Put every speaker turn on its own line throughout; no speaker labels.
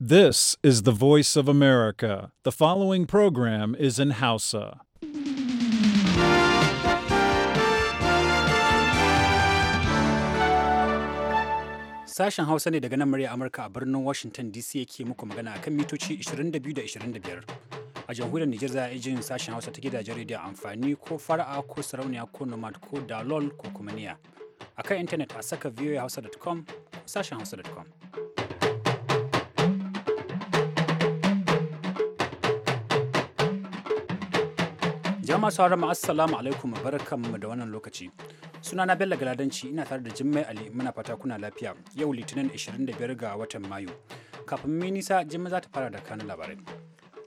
This is the voice of America. The following program is in Hausa.
Sashen Hausa ne daga nan murya Amurka a birnin Washington DC yake muku magana akan mitoci 22 da 25. A jamhuriyar Nijar za a jin sashen Hausa ta gidajen rediyo amfani ko fara'a ko sarauniya ko nomad ko dalol ko kuma niya. A kan intanet a saka voahausa.com ko sashen hausa.com. Jama'a sauran assalamu alaikum barkanmu da wannan lokaci. Sunana Bello Galadanci ina tare da Jimmai Ali muna fata kuna lafiya. Yau Litinin 25 ga watan Mayu. Kafin mu nisa Jimmai za ta fara da kanun labarai.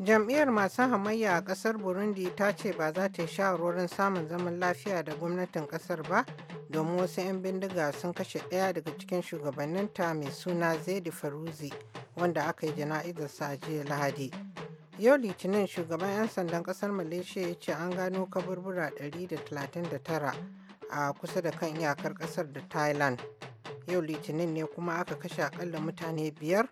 Jam'iyyar masu hamayya a kasar Burundi ta ce ba za ta yi shawarwarin samun zaman lafiya da gwamnatin kasar ba domin wasu 'yan bindiga sun kashe ɗaya daga cikin shugabanninta mai suna Zaidi Faruzi wanda aka yi jana'izarsa a jiya Lahadi. Yau Litinin shugaban 'yan sandan kasar Malaysia ya ce an gano kaburbura 139 a kusa da kan iyakar kasar da Thailand. Yau Litinin ne kuma aka kashe akalla mutane biyar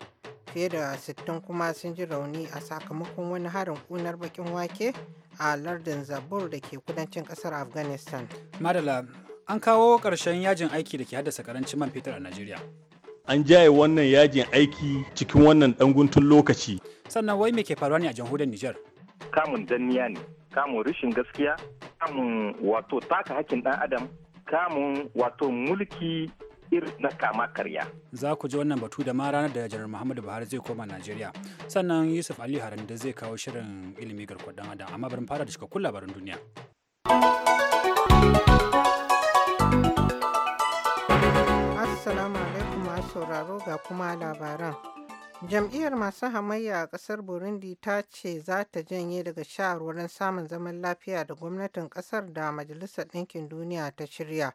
fiye da 60 kuma sun ji rauni a sakamakon wani harin kunar bakin wake a lardin Zabur da ke kudancin kasar Afghanistan.
Madala, an kawo ƙarshen yajin aiki da ke haddasa karancin man fetur a Najeriya.
an jaye wannan yajin aiki cikin wannan dan guntun lokaci.
Sannan wai me ke faruwa ne a jamhuriyar Nijar? Kamun danniya ne,
kamun rashin gaskiya, kamun wato taka hakkin ɗan adam, kamun wato
mulki irin na kama karya. Za ku ji wannan batu da ma ranar da Janar Muhammadu Buhari zai koma Najeriya. Sannan Yusuf Ali Haram da zai kawo shirin ilimi ɗan adam amma bari fara da cikakkun labaran duniya.
ga kuma labaran. Jam'iyyar masu hamayya a ƙasar Burundi ta ce za ta janye daga shawarwarin samun zaman lafiya da gwamnatin ƙasar da Majalisar Ɗinkin Duniya ta shirya.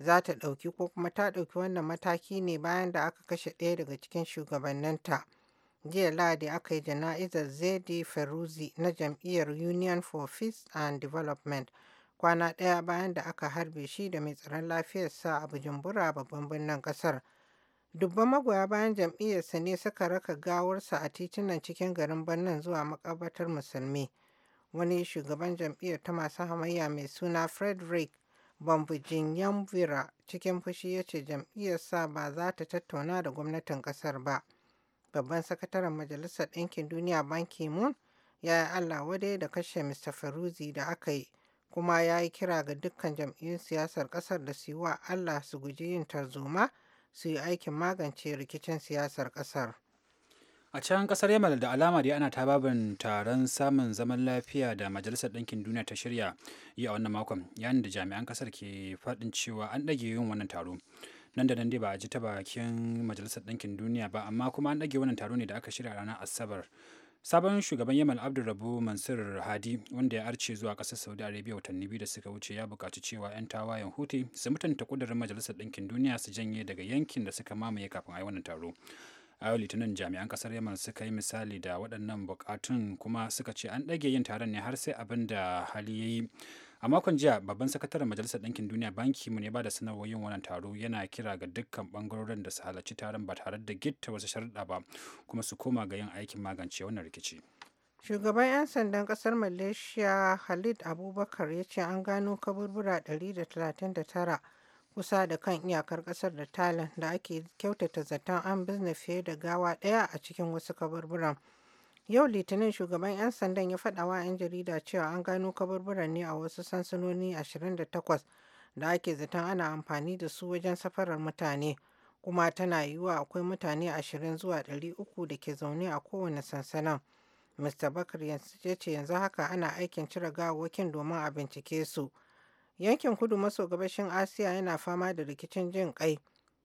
Za ta ɗauki ko kuma ta ɗauki wannan mataki ne bayan da aka kashe ɗaya daga cikin shugabanninta. Jiya Lahadi aka yi jana'izar Zedi Feruzi na jam'iyyar Union for Peace and Development. kwana ɗaya bayan da aka harbe shi da mai tsaron lafiyarsa a bujumbura babban birnin ƙasar Dubban magoya bayan jam'iyyarsa ne suka raka gawarsa a titunan cikin garin birnin zuwa makabatar musulmi. Wani shugaban jam'iyyar ta masu hamayya mai suna Frederick Bambujin Yamvira cikin fushi ya ce jam'iyyarsa ba za ta tattauna da gwamnatin kasar ba. Babban sakataren Majalisar Ɗinkin Duniya Ban ki ya yi Allah wadai da kashe Mr. Faruzi da aka yi kuma ya yi kira ga dukkan jam'iyyun siyasar ƙasar da su yi wa Allah su guji yin tarzoma su yi aikin magance rikicin siyasar kasar.
a can kasar yamal da alama dai ana tababin taron samun zaman lafiya da majalisar ɗinkin duniya ta shirya yi a wannan makon yayin da jami'an kasar ke faɗin cewa an ɗage yin wannan taro nan da nan dai ba a ji ta bakin majalisar ɗinkin duniya ba amma kuma an ɗage wannan taro ne da aka shirya ranar asabar sabon shugaban yamal abdulrabu mansur hadi wanda ya arce zuwa ƙasar saudi arabia watanni biyu da suka wuce ya bukaci cewa 'yan tawayen huti su mutunta ƙudurin majalisar ɗinkin duniya su janye daga yankin da suka mamaye kafin a yi wannan taro a yau litinin jami'an kasar yamal suka yi misali da waɗannan bukatun kuma suka ce an ɗage yin taron ne har sai abin da hali ya yi a makon jiya babban sakataren majalisar ɗinkin duniya banki mu ne ba da sanarwar yin wannan taro yana kira ga dukkan bangarorin da su halarci taron ba tare da gitta wasu sharuɗa ba kuma su koma ga yin aikin magance wannan rikici
shugaban 'yan sandan kasar malaysia halid abubakar ya ce an gano kaburbura 139 kusa da kan iyakar kasar da thailand da ake kyautata zaton an bizne fiye da gawa daya a cikin wasu kaburburan Yau Litinin shugaban 'yan sandan ya faɗa wa 'yan jarida cewa an gano kaburburan ne a wasu sansanoni 28 da ake zaton ana amfani da su wajen safarar mutane, kuma tana yiwuwa akwai mutane 20 zuwa 300 da ke zaune a kowane sansanan Mr. Bakar ya ce yanzu haka ana aikin cire gawawakin domin a bincike su. Yankin kudu maso gabashin Asiya yana fama da rikicin jin kai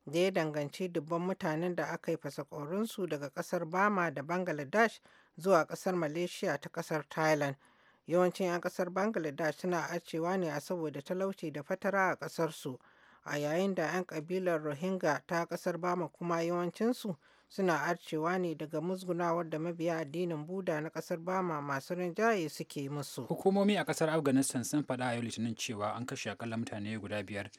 da ya danganci dubban mutanen da aka yi fasakorinsu daga kasar Bama da Bangladesh zuwa kasar malaysia ta kasar thailand yawancin 'yan kasar bangladesh suna acewa ne a saboda talauci da fatara a kasarsu a yayin da 'yan kabilar rohingya ta kasar bama kuma yawancinsu suna arcewa ne daga musgunawar da mabiya addinin buda na kasar bama masu rinjaye suke musu hukumomi
a kasar afghanistan sun faɗa a yau litinin cewa an kashe akalla mutane guda biyar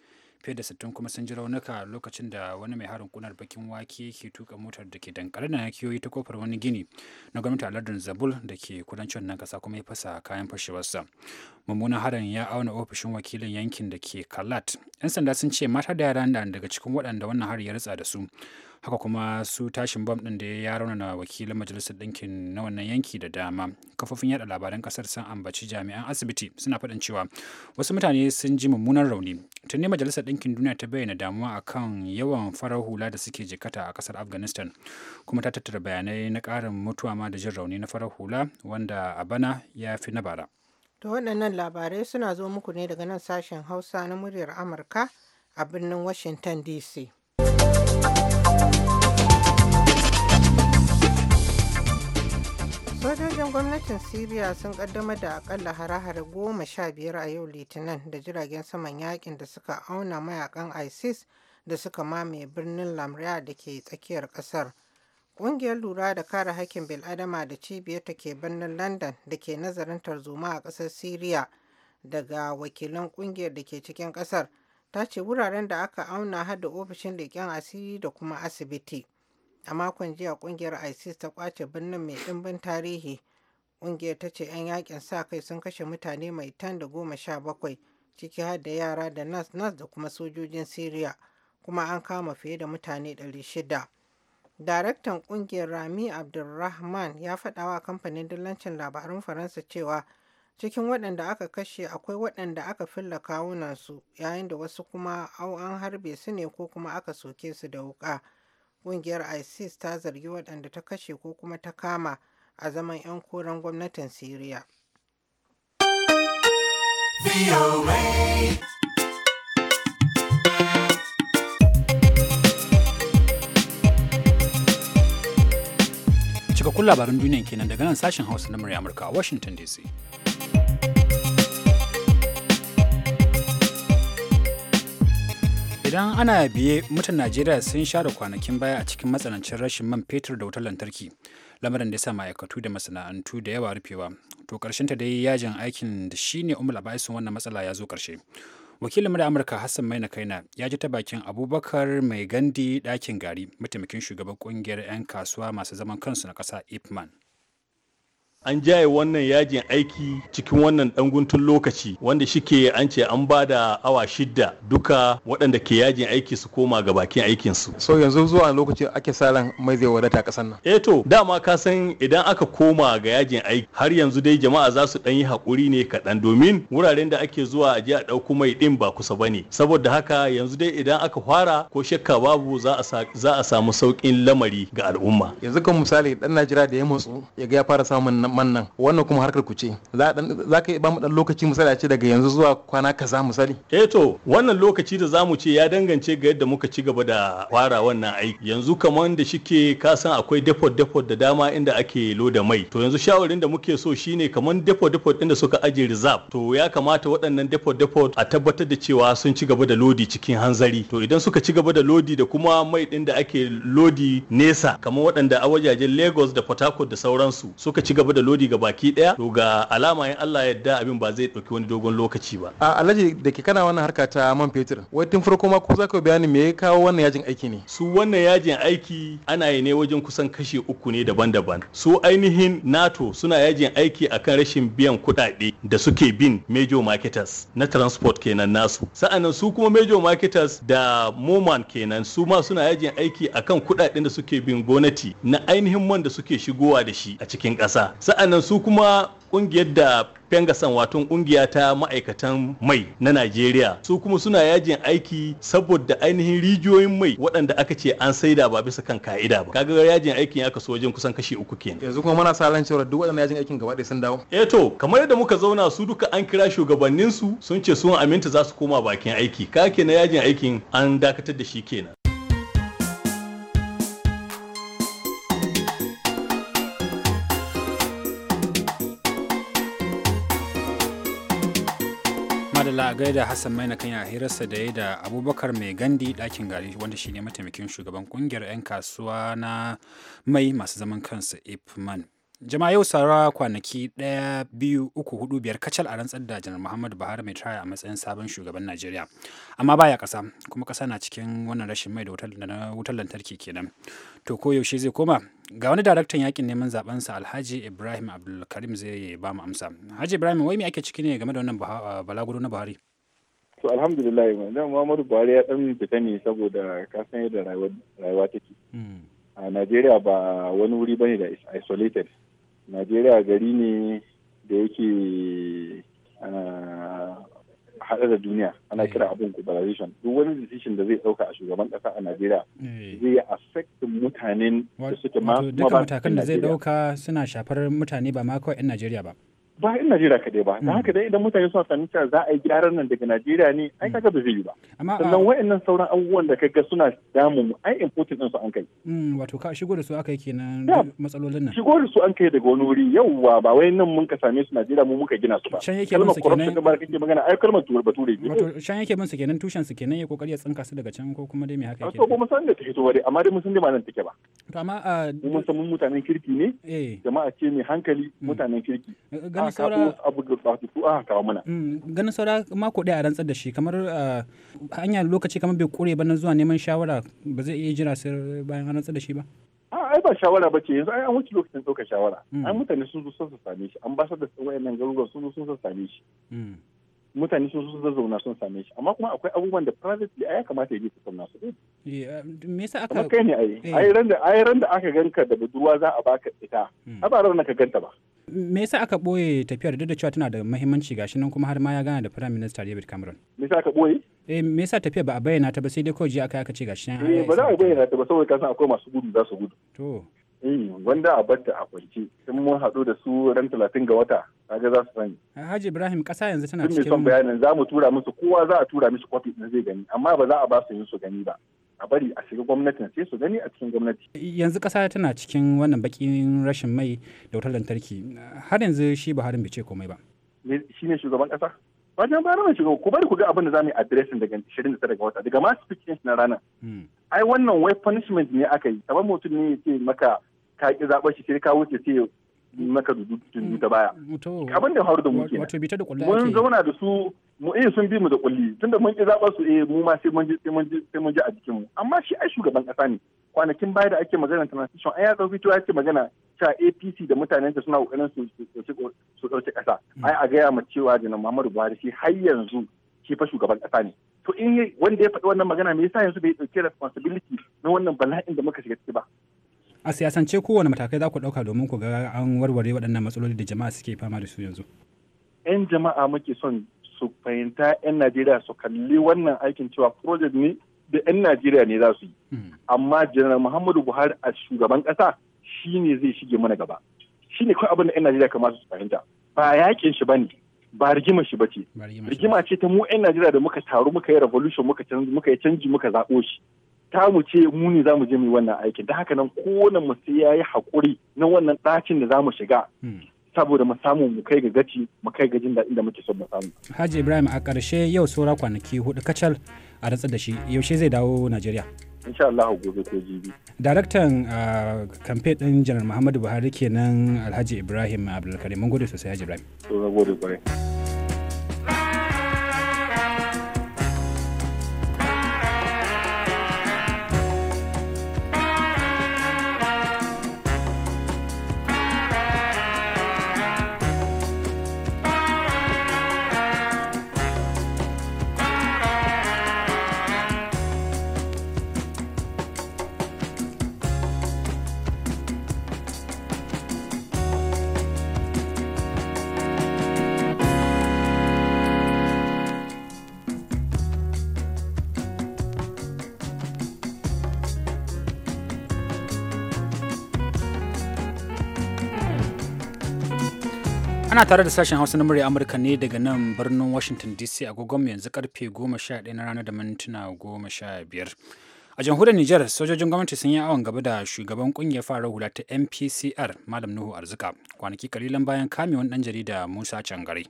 fiye da sittin kuma sun ji raunuka lokacin da wani mai harin kunar bakin wake ke tuka motar da ke dankare da hakiyoyi ta kofar wani gini na gwamnati a lardin zabul da ke kudancin nan kasa kuma ya fasa kayan fashewarsa mummunan harin ya auna ofishin wakilin yankin da ke kalat yan sanda sun ce mata da yara daga cikin waɗanda wannan hari ya ritsa da su haka kuma su tashin bom ɗin da ya raunana wakilin majalisar ɗinkin na wannan yanki da dama kafofin yada labaran ƙasar sun ambaci jami'an asibiti suna faɗin cewa wasu mutane sun ji mummunan rauni tun majalisar ɗinkin duniya ta bayyana damuwa akan yawan farar hula da suke jikata a ƙasar afghanistan kuma ta tattara bayanai na ƙarin mutuwa ma da jin rauni na farar hula wanda a bana ya fi na bara
To waɗannan labarai suna zo muku ne daga nan sashen Hausa na muryar Amurka a birnin Washington DC. Sojojin gwamnatin Siriya sun kaddamar da akalla hare-hare goma sha biyar a yau Litinin da jiragen saman yakin da suka auna mayakan ISIS da suka mamaye birnin Lamriya da ke tsakiyar kasar. Ƙungiyar lura da kare hakkin bil'adama da cibiyar ta ke birnin London da ke nazarin tarzoma a ƙasar Siriya daga wakilan ƙungiyar da ke cikin ƙasar ta ce wuraren da aka auna hada ofishin leƙen asiri da kuma asibiti. a makon jiya kungiyar isis ta kwace birnin mai dimbin tarihi kungiyar ta ce 'yan yakin sa kai sun kashe mutane mai tan da goma sha bakwai ciki har da yara da nas nas da kuma sojojin Siriya kuma an kama fiye da mutane 600 daraktan kungiyar rami abdulrahman ya faɗa wa kamfanin dillancin labarun faransa cewa cikin waɗanda aka kashe akwai waɗanda aka filla kawunansu yayin da wasu kuma au an harbe su ne ko kuma aka soke su da wuƙa. Ƙungiyar ISIS ta zargi waɗanda ta kashe ko kuma ta kama a zaman 'yan koren gwamnatin Siriya.
cikakkun labaran duniya kenan daga nan sashen hausa na murya amurka a washington dc idan ana biye mutan najeriya sun share kwanakin baya a cikin matsanancin rashin man fetur da wutar lantarki lamarin da ya sa ma'aikatu da masana'antu da yawa rufewa to ta dai yajin aikin da shi ne umar abaisun wannan matsala ya zo karshe wakilin da amurka hassan maina kaina ya ji ta bakin abubakar mai gandi dakin gari mataimakin shugaban kungiyar 'yan kasuwa masu zaman kansu na ƙasa ipman
an jaye wannan yajin aiki cikin wannan dan lokaci wanda shi shike an ce an ba da awa shidda duka waɗanda ke yajin aiki su koma ga bakin aikinsu. so yanzu zuwa lokacin ake salan mai zai wadata kasan nan Eto, eh to dama ka san idan aka koma ga yajin aiki har yanzu dai jama'a za su ɗan yi haƙuri ne kaɗan domin wuraren da ake zuwa a je a ɗauko mai ɗin ba kusa ba ne, saboda haka yanzu dai idan aka fara ko shakka babu za a samu sauƙin lamari ga al'umma yanzu kan misali ɗan najira da ya matsu ya ga ya fara samun man nan wannan kuma harkar ku ce za ka ba mu dan lokaci misali a ce daga yanzu zuwa kwana kaza misali eh to wannan lokaci da zamu ce ya dangance ga yadda muka ci gaba da fara wannan aiki yanzu kamar da shike ka san akwai depot depot da dama inda ake loda mai to yanzu shawarin da muke so shine kamar depot depot da suka aje reserve to ya kamata waɗannan depot depot a tabbatar da cewa sun ci gaba da lodi cikin hanzari to idan suka ci gaba da lodi da kuma mai din da ake lodi nesa kamar waɗanda a wajajen Lagos da Port Harcourt da sauransu suka ci gaba da da lodi ga baki daya to ga alama in Allah yadda abin ba zai dauki wani dogon lokaci ba a alhaji da ke kana wannan harka ta man fetur wai tun farko ma ko zaka bayani me ya kawo wannan yajin aiki ne su wannan yajin aiki ana yi ne wajen kusan kashe uku ne daban-daban su ainihin NATO suna yajin aiki akan rashin biyan kuɗaɗe da suke bin major marketers na transport kenan nasu sa'annan su kuma major marketers da moman kenan su ma suna yajin aiki akan kuɗaɗen da suke bin gwamnati na ainihin man da suke shigowa da shi a cikin ƙasa sa'annan su kuma kungiyar da Pengasan wato kungiya ta ma'aikatan mai na Najeriya su kuma suna yajin aiki saboda ainihin rijiyoyin mai waɗanda aka ce an saida ba bisa kan ka'ida ba kaga yajin aikin aka so wajen kusan kashi uku kenan yanzu kuma muna sa ran cewa duk waɗannan yajin aikin gaba ɗaya sun dawo eh to kamar yadda muka zauna su duka an kira shugabannin su sun ce su aminta za su koma bakin aiki kake na yajin aikin an dakatar da shi kenan
a gaida Hassan Maina kan ya hirarsa da ya da Abubakar Mai Gandi ɗakin gari wanda shi mataimakin shugaban kungiyar 'yan kasuwa na mai masu zaman kansu Ipman. jama'a yau sara kwanaki ɗaya biyu uku hudu biyar kacal a rantsar da janar muhammadu buhari mai taya a matsayin sabon shugaban najeriya amma baya kasa kuma kasa na cikin wannan rashin mai da wutar lantarki kenan to ko yaushe zai koma ga wani daraktan yakin neman sa alhaji ibrahim abdulkarim zai ba mu amsa haji ibrahim wai me ake ciki ne game da wannan ah, balaguro na buhari
to alhamdulillah dan muhammadu buhari ya dan fita ne saboda ka san yadda rayuwa take hmm. a najeriya ba wani wuri bane da isolated najeriya gari ne da yake haɗe da duniya ana kira eh. abin globalization duk wani decision da zai ɗauka a shugaban ƙasa a najeriya eh. zai affect mutanen da suke ma ba matakan da zai
ɗauka suna shafar mutane ba ma kawai 'yan najeriya ba
ba in Najeriya kaɗai ba da hmm. haka dai idan mutane suna fahimta za a yi gyaran nan daga Najeriya ne ai hmm. kaga ba zai yi ba sannan ah, wayannan sauran abubuwan da kaga suna damu mu ai imported din su an kai
hmm, wato ka shigo da su aka yi kenan matsalolin
nan shigo da su an kai daga wani wuri yauwa ba wai nan mun ka same su Najeriya mu muka gina su ba can yake mun su kenan kalmar kake magana ai kalmar tuwar bature ba wato
can yake mun su kenan tushen su kenan ya kokari ya tsinka su daga can ko kuma dai me haka yake to ba mu
san da take to bare amma dai mun san da ba nan take ba
to amma ah, mun san mun mutanen kirki
ne eh. jama'a ce mai hankali mutanen kirki ganin saura abu da ba a kawo
mana mm, ganin saura mako ɗaya a rantsar da shi kamar hanya ah, lokaci kamar bai kure ba na zuwa neman shawara ba zai iya jira sai bayan an rantsar da shi ba
ai ba shawara ba ce yanzu ai an wuce lokacin ɗaukar shawara mm. ai mutane sun zo sun same shi an ba da wayannan garuruwan sun zo sun same shi mm. mutane sun sun na sun same shi amma kuma akwai abubuwan da privately a ya kamata ya je su sauna su
eh, um, me yasa aka kai ne ayi ai
ran eh. da randa ran da aka ganka da budurwa za a baka ita hmm. a ba ran ka ganta ba
me yasa aka boye tafiyar duk da cewa tana da muhimmanci gashi nan kuma har ma ya gana da prime minister David Cameron me yasa aka boye eh me yasa tafiyar ba a bayyana ta ba sai dai kawai aka aka ce gashi nan eh ba za a bayyana ta ba saboda kasan akwai masu gudu za su gudu to Hmm, wanda a
batta a kwance sun mun haɗu da su ran talatin ga wata kaga za su sani.
Haji Ibrahim ƙasa yanzu tana cikin. Sun son bayanin
za mu tura musu kowa za a tura mishi kwafi ɗin zai gani amma ba za a ba su yin su gani ba. a bari a shiga gwamnatin sai su gani a cikin gwamnati.
Yanzu ƙasa tana cikin wannan bakin rashin mai da wutar lantarki har yanzu shi Buhari bai ce komai ba.
Shi ne shugaban ƙasa? Wajen bayar da shugaban ku bari ku ga abin da za mu yi adiresin daga 29 ga wata daga masu fikin na ranar. Hmm. Ai wannan wai punishment ne aka yi, kamar mutum ne ya ce maka ka ki zaɓar shi sai ka wuce sai maka dudu ta baya abin da faru da mu kenan mun zauna da su mu iya eh, sun bi mu da kulli tunda mun ki zaɓar su eh mu ma sai mun ji sai mun ji sai mun ji a jikin mu amma shi ai shugaban kasa ne kwanakin baya da ake magana transition ai ya kawo fito ake magana cewa APC da mutanen ta suna kokarin su su dauke kasa hmm. ai a gaya mu cewa janar Muhammadu Buhari shi har yanzu shi fa shugaban kasa ne to in wanda ya faɗi wannan magana me yasa yanzu bai dauke responsibility na wannan bala'in da muka shiga ciki ba
a siyasance kowane matakai za ku ɗauka domin ku ga an warware waɗannan matsaloli da jama'a suke fama da su yanzu.
'Yan jama'a muke son su fahimta 'yan Najeriya su kalli wannan aikin cewa project ne da 'yan Najeriya ne za su yi. Hmm. Amma Janar Muhammadu Buhari a shugaban ƙasa shi ne zai shige mana gaba. Shi ne kawai abin da 'yan Najeriya kamata su fahimta. Ba yakin shi ba ne. ba rigima shi bace rigima ce ta mu 'yan Najeriya da muka taru muka yi revolution muka canji muka yi canji muka zaɓo shi ta mu ce mu ne za mu je mu yi wannan aikin da haka nan kowane mu sai ya yi haƙuri na wannan ɗacin da za mu shiga hmm. saboda mu samu mu kai ga gaci mu kai ga jin daɗin da muke son mu
samu. Haji Ibrahim a ƙarshe yau saura kwanaki hudu kacal a ratsar da shi yaushe zai dawo Najeriya.
insha Allah gobe ko jibi.
Daraktan kamfe ɗin Janar Muhammadu Buhari kenan Alhaji Ibrahim Abdulkarim mun gode sosai Haji Ibrahim.
To gode kwarai.
Ana tare da sashen Hausa na murya Amurka ne daga nan birnin Washington DC agogon yanzu karfe 11 na rana da mintuna 15. A jamhuriyar Nijar, sojojin gwamnati sun yi awon gaba da shugaban kungiyar fara hula ta MPCR Malam Nuhu Arzika kwanaki kalilan bayan kame wani dan jarida Musa Cangare.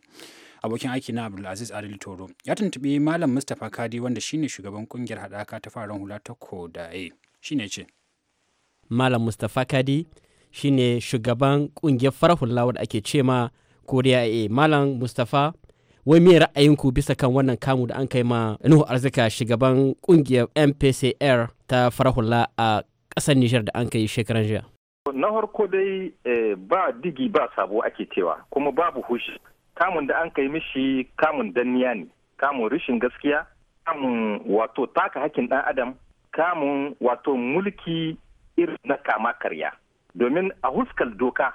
Abokin aiki na Abdulaziz Adil Toro ya tuntuɓi Malam Mustapha Kadi wanda shine shugaban kungiyar haɗaka ta farar hula ta Kodaye. Shine ce.
Malam Mustapha Kadi shine shugaban kungiyar farar hula wadda ake ce koriya e malam mustafa wai me ra'ayinku bisa kan wannan kamu da an kai ma nuhu arzika shugaban kungiyar mpcr ta farahula a ƙasar nijar da an kai shekaran jiya
na harko dai eh, ba digi ba sabo ake cewa kuma babu hushi kamun da an kai mishi kamun danniya ne kamun rishin gaskiya kamun wato taka hakkin ɗan adam kamun wato mulki irin na kama karya domin a huskar doka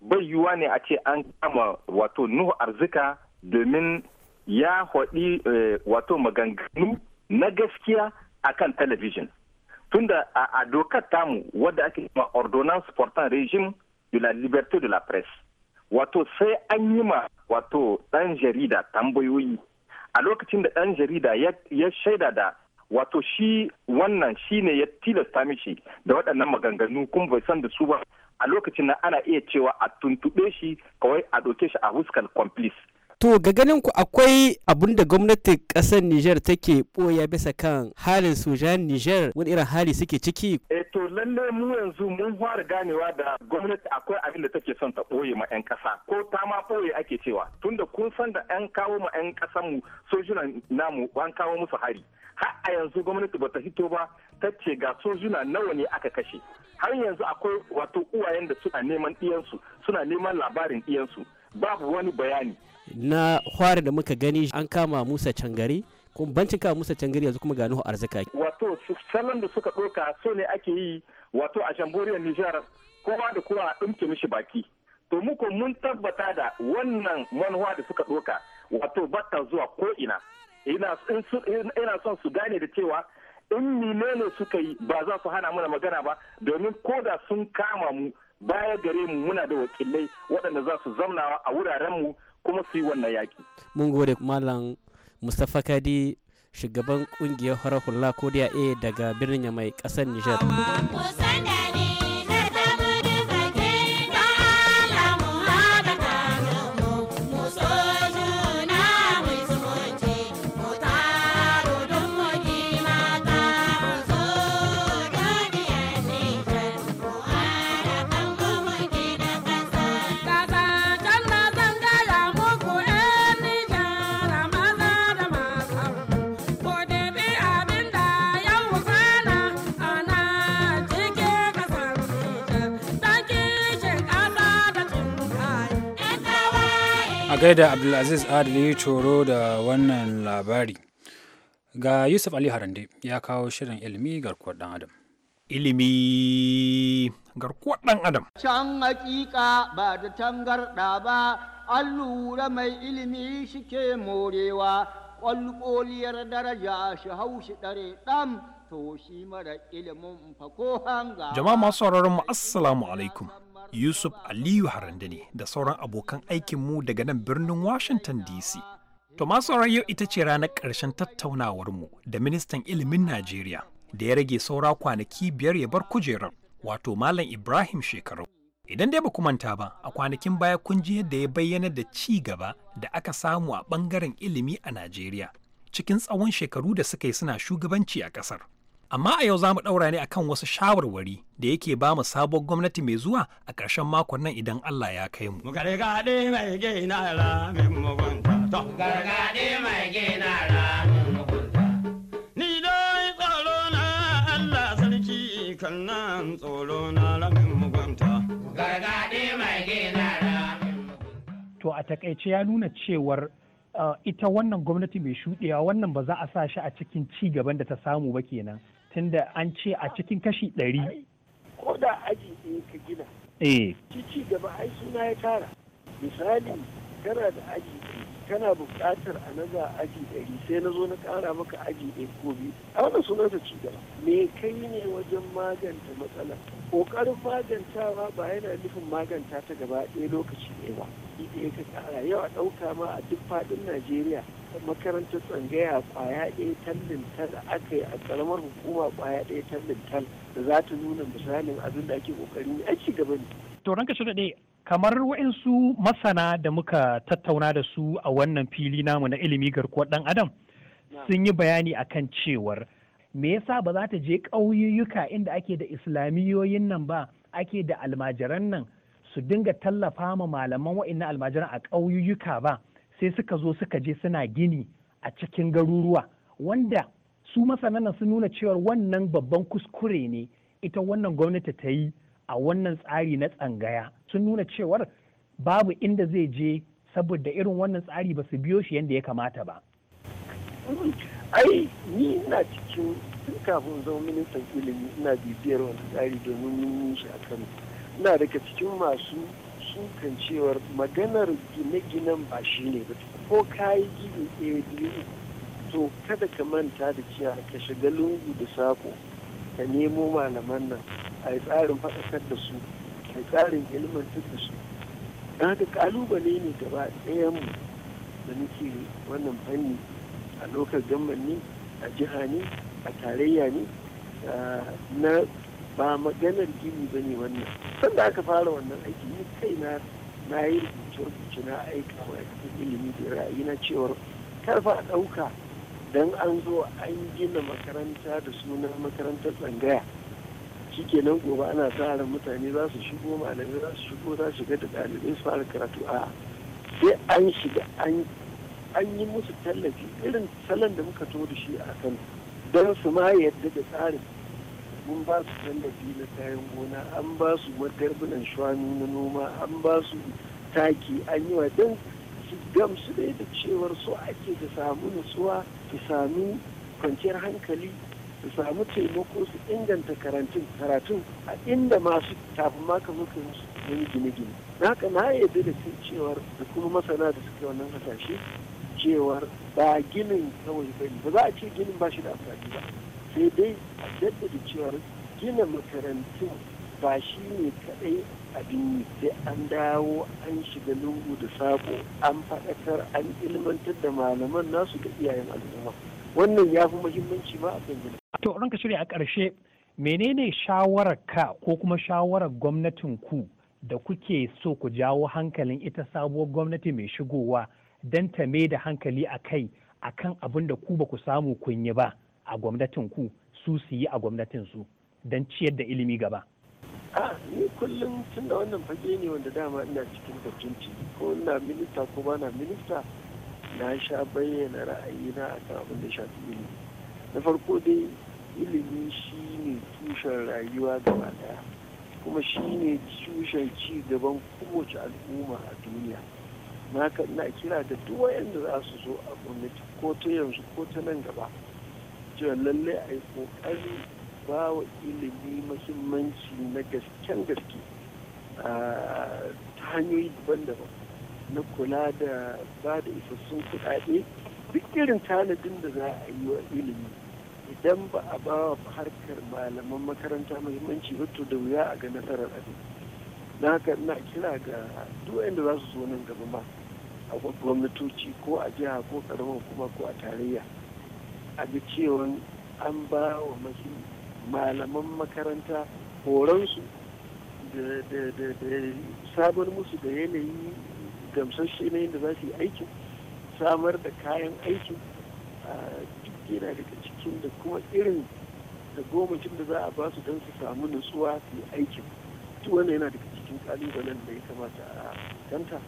bai yiwuwa ne a ce an kama wato nuhu arzika domin ya haɗi eh, wato maganganu na gaskiya a kan talabijin tunda a dokar tamu wadda ake ma ordonance portant régime de la liberté de la presse wato sai an yi ma wato ɗan jarida tambayoyi a lokacin da ɗan jarida ya shaida da wato shi wannan shi ne ya tilasta mishi da waɗannan maganganu kuma bai san da su ba a lokacin nan ana iya cewa a tuntuɓe shi kawai a ɗauke shi a huskar complice
To ga ganin ku akwai abun da gwamnatin ƙasar Nijar take ɓoya bisa kan halin sojan Nijar wani irin hali suke ciki?
lalle mu yanzu mun fara ganewa da gwamnati akwai abin da take son ta ɓoye ma 'yan ƙasa ko ta ma ɓoye ake cewa tunda kun san da 'yan kawo ma 'yan ƙasan mu sojuna namu an kawo musu hari har a yanzu gwamnati bata hito ba ta ce ga sojuna nawa ne aka kashe har yanzu akwai wato uwayen da suna neman ɗiyansu suna neman labarin ɗiyansu babu wani bayani
na hware da muka gani an kama musa cangari kuma bancin kawo musa cangari yanzu kuma ga nuhu arzika
wato salon da suka ɗauka so ne ake yi wato a jamhuriyar nijar kowa da kowa a ɗumke mishi baki to muku mun tabbata da wannan manuwa da suka ɗauka wato batta zuwa ko ina ina son su gane da cewa in menene suka yi ba za su hana mana magana ba domin ko da sun kama mu baya gare mu muna da wakilai waɗanda za su zamnawa a wurarenmu kuma su yi wannan yaƙi.
Mun gode Malam Mustapha Kadi shugaban kungiyar Harahullah Kodiya A daga birnin Yamai kasar Nijar.
gaida Abdulaziz Adli Coro da wannan labari. Ga Yusuf Ali Harande ya kawo shirin ilimi garkuwar ɗan Adam.
Ilimi garkuwar ɗan Adam.
Can hakika ba da tangarɗa ba, an lura mai ilimi shike morewa, ƙwalƙoliyar daraja shi haushi ɗare ɗan to mara ilimin fako Jama'a
masu sauraron mu Assalamu alaikum. Yusuf Aliyu Harandani da sauran abokan aikinmu daga nan birnin Washington DC. Thomas masu ita ce ranar ƙarshen tattaunawarmu da ministan ilimin Najeriya da ya rage saura kwanaki biyar ya bar kujerar wato Malam Ibrahim Shekaru. Idan dai ba ku manta ba, a kwanakin baya kun ji yadda ya bayyana da ci gaba da aka samu a ɓangaren ilimi a Najeriya cikin tsawon shekaru da suka yi suna shugabanci a ƙasar. amma a yau za mu ɗaura ne akan wasu shawarwari da yake ba mu sabon gwamnati mai zuwa a ƙarshen makon nan idan Allah ya kai mu. mai
gina
To a takaice ya nuna cewar uh, ita wannan gwamnati mai shuɗewa wannan ba za a sa shi a cikin ci gaban da ta samu ba kenan. tunda an ce a cikin kashi ɗari.
Ko da aji ɗaya ka gina. Eh. Cici gaba ai suna ya tara. Misali kana da aji kana buƙatar a naza aji ɗari sai na zo na ƙara maka aji ɗaya ko biyu. A wani suna ta ci gaba. Me kai ne wajen maganta matsala? Ƙoƙarin magantawa ba yana nufin maganta ta gaba ɗaya lokaci ɗaya ba. Ita ya ka ƙara yau a ɗauka ma a duk faɗin Najeriya makarantar tsangaya kwaya ɗaya tallin tal aka yi a karamar hukuma kwaya ɗaya tallin tal da za ta nuna misalin abin da ake kokarin ya ci gaba ne.
to ranka shi daɗe kamar wa'insu masana da muka tattauna da su a wannan fili namu na ilimi garkuwar ɗan adam sun yi bayani akan cewar me yasa ba za ta je ƙauyuka inda ake da islamiyoyin nan ba ake da almajiran nan su dinga tallafa ma malaman na almajiran a ƙauyuka ba sai suka zo suka je suna gini a cikin garuruwa wanda su masana sun nuna cewar wannan babban kuskure ne ita wannan gwamnati ta yi a wannan tsari na tsangaya sun nuna cewar babu inda zai je saboda irin wannan tsari ba su biyo shi yadda ya kamata ba.
ai ni ina cikin tun kafin zama ministan ilimi ina bibiyar wani tsari domin mun shi a kano ina daga cikin masu sukan cewar maganar gine-ginen ba shi ne ba ko ka yi gini ɗaya biyu to kada ka manta da cewa ka shiga lungu da sako ka nemo malaman nan a yi tsarin faɗakar da su a yi tsarin ilmantar da su don haka ƙalubale ne gaba ɗayan mu da muke wannan fanni a lokacin gamman a jiha ne a tarayya ne ah, na ba maganar gini ba ne wannan sanda aka fara wannan aiki ni kai na yi rubuce na aika wa ilimi da ra'ayi na cewar karfa a ɗauka don an zo an gina makaranta da sunan makarantar tsangaya shikenan gobe ana tsara mutane za su shigo malami za su shigo za shiga da ɗalibai su fara karatu a sai an shiga an yi musu tallafi irin salon da muka to da shi a kan don su ma yadda da tsarin mun ba su tallafi na kayan gona an ba su matarbunan shanu na noma an ba su taki an yi wa don su gamsu dai da cewar so ake da samu nutsuwa su sami kwanciyar hankali su samu taimako su inganta karantun karatun a inda masu tafi maka muka musu wani gine-gine na haka na yadda da cewar da kuma masana da suke wannan hasashe cewar ba ginin kawai bane ba za a ce ginin ba shi da amfani ba daidai dai da cewar gina makarantu ba shi ne kadai abin sai an dawo an shiga lungu da sako an faɗakar an ilmantar da malaman nasu da iyayen al'umma wannan ya fi muhimmanci ma a kan gina.
to ranka shirya a ƙarshe menene shawarar ka ko kuma shawarar gwamnatin ku da kuke so ku jawo hankalin ita sabuwar gwamnati mai shigowa don ta mai da hankali a kai a kan abin da ku ba ku samu kun yi ba. a gwamnatin ku su su yi a gwamnatin su don ciyar da ilimi gaba
a ni kullum tun da wannan fage ne wanda dama ina cikin ciki ko ina minista ko ba na minista na sha bayyana ra'ayina a kan abin da shafi ilimi na farko dai ilimi shi ne tushen rayuwa gaba daya kuma shi ne tushen ci gaban kowace al'umma a duniya na kira da duk wayanda za su zo a gwamnati ko ta yanzu ko ta nan gaba cewa lalle a yi kokari ba wa ilimi mahimmanci na gasken gaske ta hanyoyi daban-daban na kula da ba da isassun kuɗaɗe duk irin tanadin da za a yi wa ilimi idan ba a ba wa harkar malaman makaranta mahimmanci ba to da wuya a ga nasarar abin na haka ina kira ga duk da za su zo nan gaba ma a gwamnatoci ko a jiha ko karamar hukuma ko a tarayya Abi cewa an ba wa malaman makaranta horonsu da sabar musu da yanayi gamsasshe na yadda za su yi aikin samar da kayan aikin duk yana daga cikin da kuma irin da gomacin da za a ba su don su samu nutsuwa su yi aikin duk wannan yana daga cikin kalubalen da ya kamata a kanta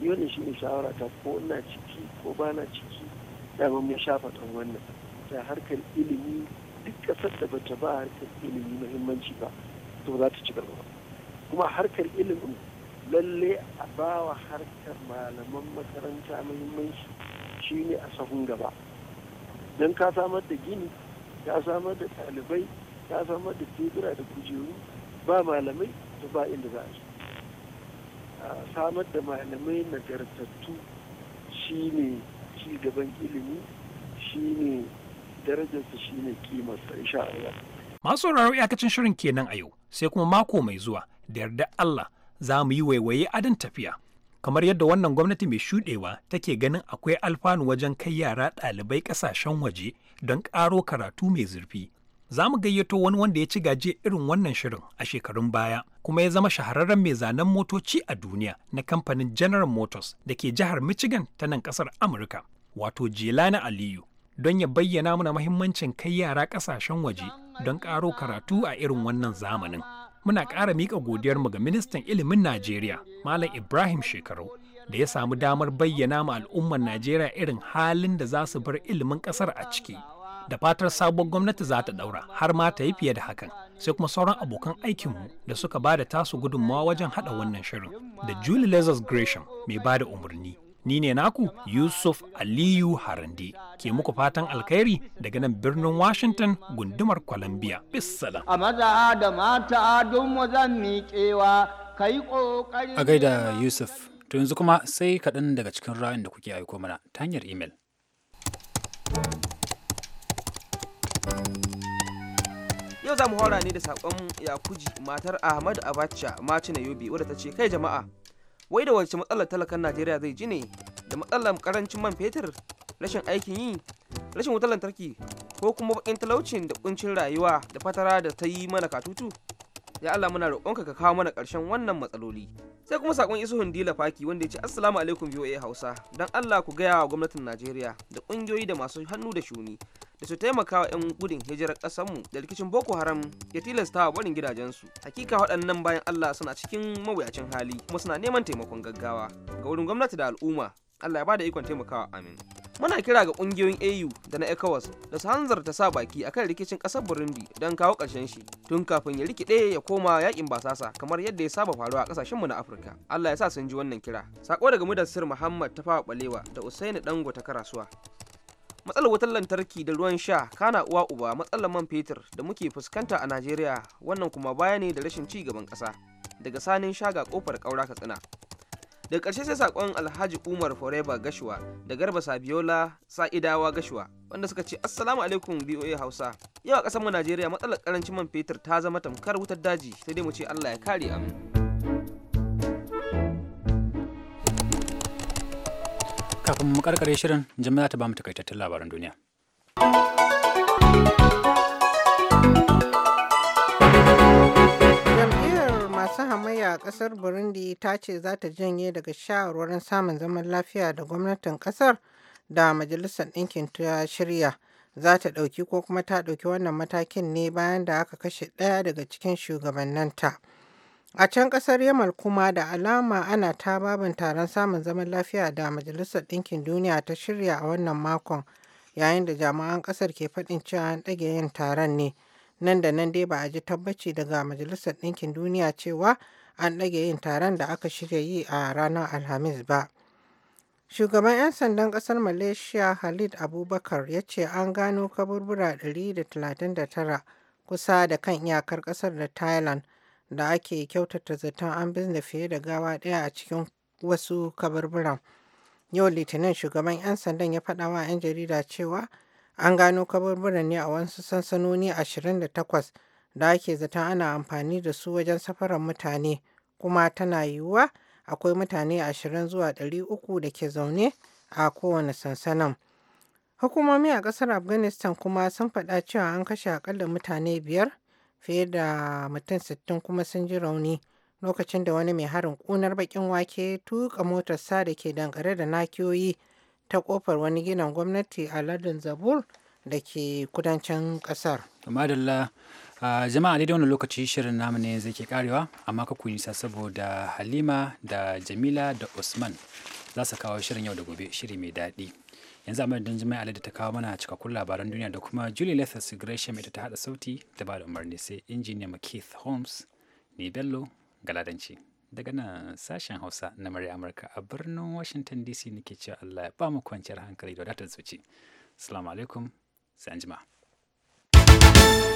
ni wannan shine shawara ta ko ina ciki ko ba na ciki damar mun shafa ɗan wannan ta harkar ilimi duk ƙasar da bata ba harkar ilimi mahimmanci ba to za ta ci gaba kuma harkar ilimin lalle a bawa harkar malaman makaranta mahimmanci shi ne a sahun gaba don ka samar da gini ka samar da ɗalibai ka samar da tebura da kujeru ba malamai to ba inda za a samar da malamai nagartattu shi ne. ci gaban ilimi shine darajarsa shine kimarsa insha Allah
masu sauraro iyakacin shirin kenan a yau sai kuma mako mai zuwa da yarda Allah za mu yi waiwaye adon tafiya kamar yadda wannan gwamnati mai shuɗewa take ganin akwai alfanu wajen kai yara ɗalibai ƙasashen waje don ƙaro karatu mai zurfi za mu gayyato wani wanda ya ci gaje irin wannan shirin a shekarun baya kuma ya zama shahararren mai zanen motoci a duniya na kamfanin General Motors da ke jihar Michigan ta nan kasar Amurka, wato Jelani Aliyu, don ya bayyana mana mahimmancin kai yara kasashen waje don ƙaro karatu a irin wannan zamanin. Muna ƙara miƙa mu ga ministan ilimin Najeriya, Malam Ibrahim Shekaru, da ya samu damar bayyana ma al'ummar Najeriya irin halin da za su bar ilimin ƙasar a ciki. da fatar sabuwar gwamnati za ta daura har ma ta yi fiye da hakan sai kuma sauran abokan aikinmu da suka ba da tasu gudunmawa wajen hada wannan shirin da julie lezers gresham mai ba da umarni ni ne naku yusuf aliyu harande ke muku fatan alkhairi daga nan birnin washington gundumar
columbia
bisalam a maza da mata don wazan miƙewa kai
ƙoƙari a gaida
yusuf to yanzu kuma sai kaɗan daga cikin ra'ayin da kuke aiko mana ta
hanyar imel. Yau za mu hora ne da saƙon Yakuji matar Ahmadu Abacha Macina Yobe wadda ta ce kai jama'a wai da wace matsalar talakan Najeriya zai ji ne da matsalar karancin man fetur rashin aikin yi rashin wutar lantarki ko kuma bakin talaucin da kuncin rayuwa da fatara da ta yi mana katutu ya Allah muna roƙonka ka kawo mana ƙarshen wannan matsaloli sai kuma sakon isuhun dila faki wanda ya ce assalamu alaikum VOA Hausa Don Allah ku gaya wa gwamnatin Najeriya da ƙungiyoyi da masu hannu da shuni da su taimaka wa 'yan gudun hijirar ƙasarmu da rikicin boko haram ya tilasta wa barin gidajensu hakika waɗannan bayan allah suna cikin mawuyacin hali kuma suna neman taimakon gaggawa ga wurin gwamnati da al'umma Allah ya bada ikon taimakawa amin. Muna kira ga ƙungiyoyin AU da na ECOWAS da su hanzarta sa baki akan rikicin ƙasar Burundi don kawo ƙarshen shi tun kafin ya rikide ya koma yakin basasa kamar yadda ya saba faruwa a ƙasashenmu na Afirka. Allah ya sa sun ji wannan kira. Sako daga Mudassir Muhammad Tafawa Balewa da Usaini Dango ta Karasuwa. matsalar wutar lantarki da ruwan sha kana uwa uba matsalar man fetur da muke fuskanta a najeriya wannan kuma baya ne da rashin ci gaban ƙasa daga sanin shaga kofar ƙaura katsina da karshe sai saƙon alhaji umar forever gashuwa da garba sabiola sa'idawa gashuwa wanda suka ce assalamu alaikum boa hausa yau a ƙasar mu najeriya matsalar ƙarancin man fetur ta zama tamkar wutar daji sai dai mu ce allah ya kare amin
kafin mu karkare shirin jami'a ta ba mu takaitattun labaran duniya
lafiya a kasar burundi ta ce za ta janye daga shawarwarin samun zaman lafiya da gwamnatin kasar da majalisar ɗinkin ta shirya za ta ɗauki ko kuma ta ɗauki wannan matakin ne bayan da aka kashe ɗaya daga cikin shugabanninta a can ƙasar yamal kuma da alama ana ta babin taron samun zaman lafiya da majalisar ɗinkin duniya ta shirya a wannan makon yayin da jami'an ƙasar ke faɗin cewa an ɗage yin taron ne nan da nan dai ba a ji tabbaci daga majalisar ɗinkin duniya cewa an ɗage yin taron da aka shirya yi a ranar alhamis ba shugaban 'yan sandan ƙasar malaysia halid abubakar ya ce an gano kaburbura 139 kusa da kan iyakar ƙasar da thailand da ake kyautata zaton an binne fiye da gawa ɗaya a cikin wasu kaburburan yau litinin shugaban 'yan sandan ya faɗa wa 'yan jarida cewa an gano kaburburan ne a wasu sansanoni 28 da ake zaton ana amfani da su wajen safarar mutane kuma tana yiwuwa akwai mutane ashirin zuwa ɗari uku da ke zaune a kowane sansanin. Hukumomi a ƙasar Afghanistan kuma sun faɗa cewa an kashe akalla mutane biyar fiye da mutum sittin kuma sun ji rauni lokacin da wani mai harin ƙunar baƙin wake tuka motarsa da ke dangare da nakiyoyi ta kofar wani ginin gwamnati a lardin Zabur da ke kudancin ƙasar.
Uh, jama'a daidai wani lokaci shirin namu ne zai ke karewa amma ka ku nisa saboda halima da jamila da usman za su kawo shirin yau da gobe shiri mai daɗi yanzu a madadin jami'a alada ta kawo mana cikakkun labaran duniya da kuma julie lethas gresham ita ta haɗa sauti da ba da umarni sai injiniya keith holmes ne bello galadanci daga nan sashen hausa na murya amurka a birnin washington dc nake cewa allah ya ba mu kwanciyar hankali da wadatar zuci salamu alaikum sai jima'a.